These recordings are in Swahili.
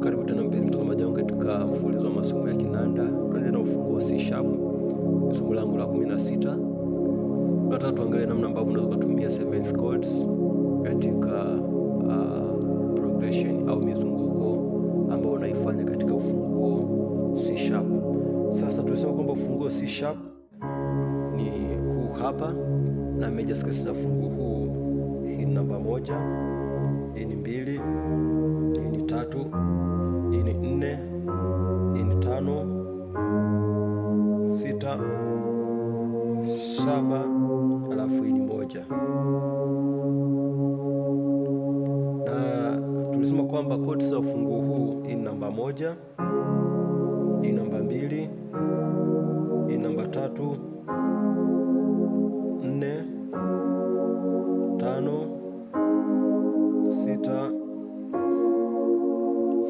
Karibu tena mpenzi mtazamaji katika mfululizo wa ya kinanda, tunaendelea na ufunguo C sharp, somo langu la 16. Tunataka tuangalie namna ambavyo unaweza kutumia seventh chords katika uh, progression au mizunguko sharp ni huu hapa, na major scales za fungu huu, hii ni namba moja, hii ni mbili, hii ni tatu, hii ni nne, hii ni tano, sita, saba, alafu hii ni moja. Na tulisema kwamba kodi za fungu huu, hii ni namba moja, hii namba mbili tatu, nne, tano, sita,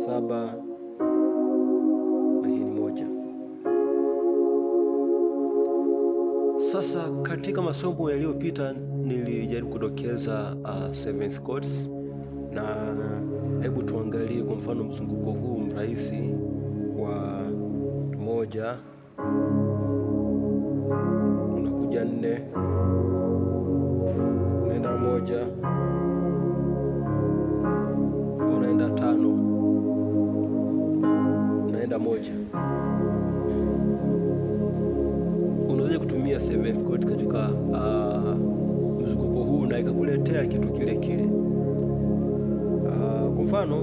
saba na hii ni moja. Sasa katika masomo yaliyopita nilijaribu kudokeza uh, seventh chords na hebu tuangalie kwa mfano mzunguko huu mrahisi wa moja unakuja nne, unaenda moja, unaenda tano, unaenda moja. Unaweza kutumia seventh chord katika uh, mzunguko huu na ikakuletea kitu kile kile. Uh, kwa mfano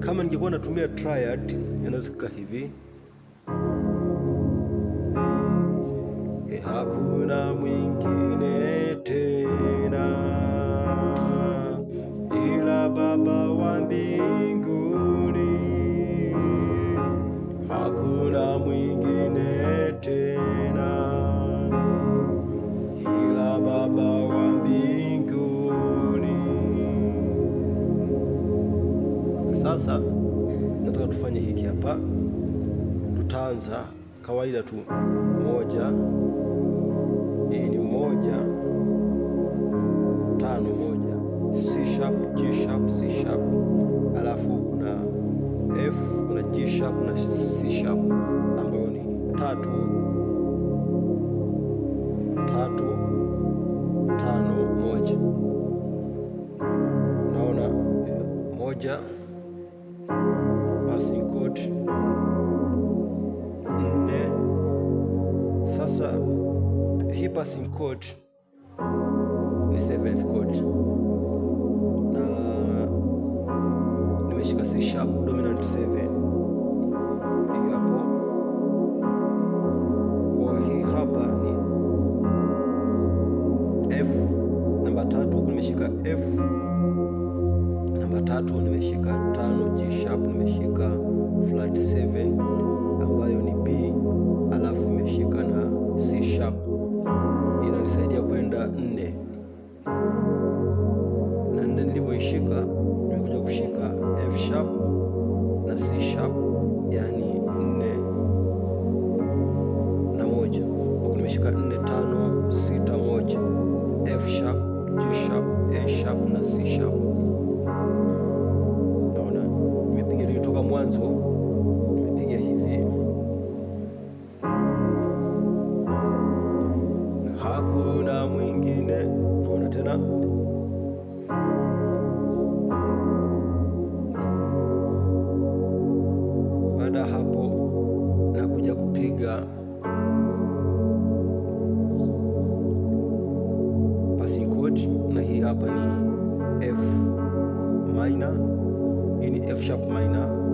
kama ningekuwa natumia triad inaweza hivi hakuna mwingine tena ila Baba wa mbinguni, hakuna mwingine tena ila Baba wa mbinguni. Sasa nataka tufanye hiki hapa, tutaanza kawaida tu moja E ni moja tano moja, C sharp, G sharp, C sharp, alafu kuna F, kuna G sharp na C sharp ambayo ni tatu tatu tano moja. Unaona eh, moja passing chord nne sasa passing code ni seventh code na nimeshika C sharp dominant 7 namba tatu, nimeshika F namba tatu, nimeshika tano G sharp, nimeshika flat 7 sharp inanisaidia kwenda nne na nne nilivyoishika nimekuja kushika F sharp F minor, in ni F sharp minor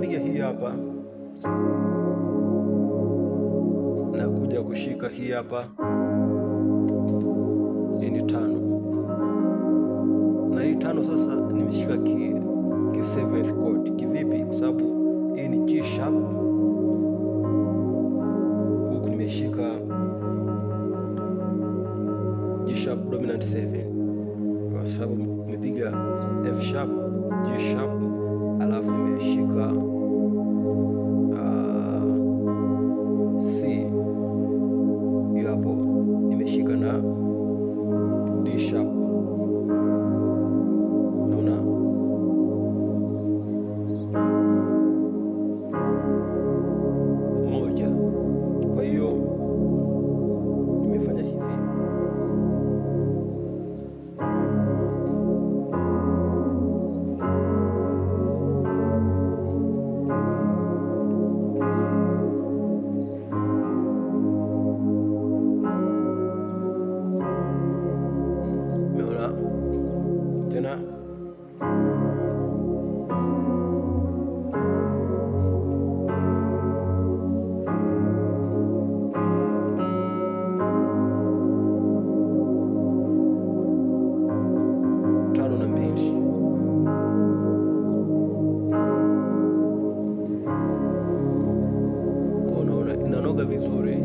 piga hii hapa na kuja kushika hii hapa, ni tano, na hii tano sasa nimeshika ki, ki seventh chord kivipi? Kwa sababu hii ni G sharp, huku nimeshika G sharp dominant 7 kwa sababu nimepiga F sharp G sharp nimeshika uh, C hapo nimeshika na nzuri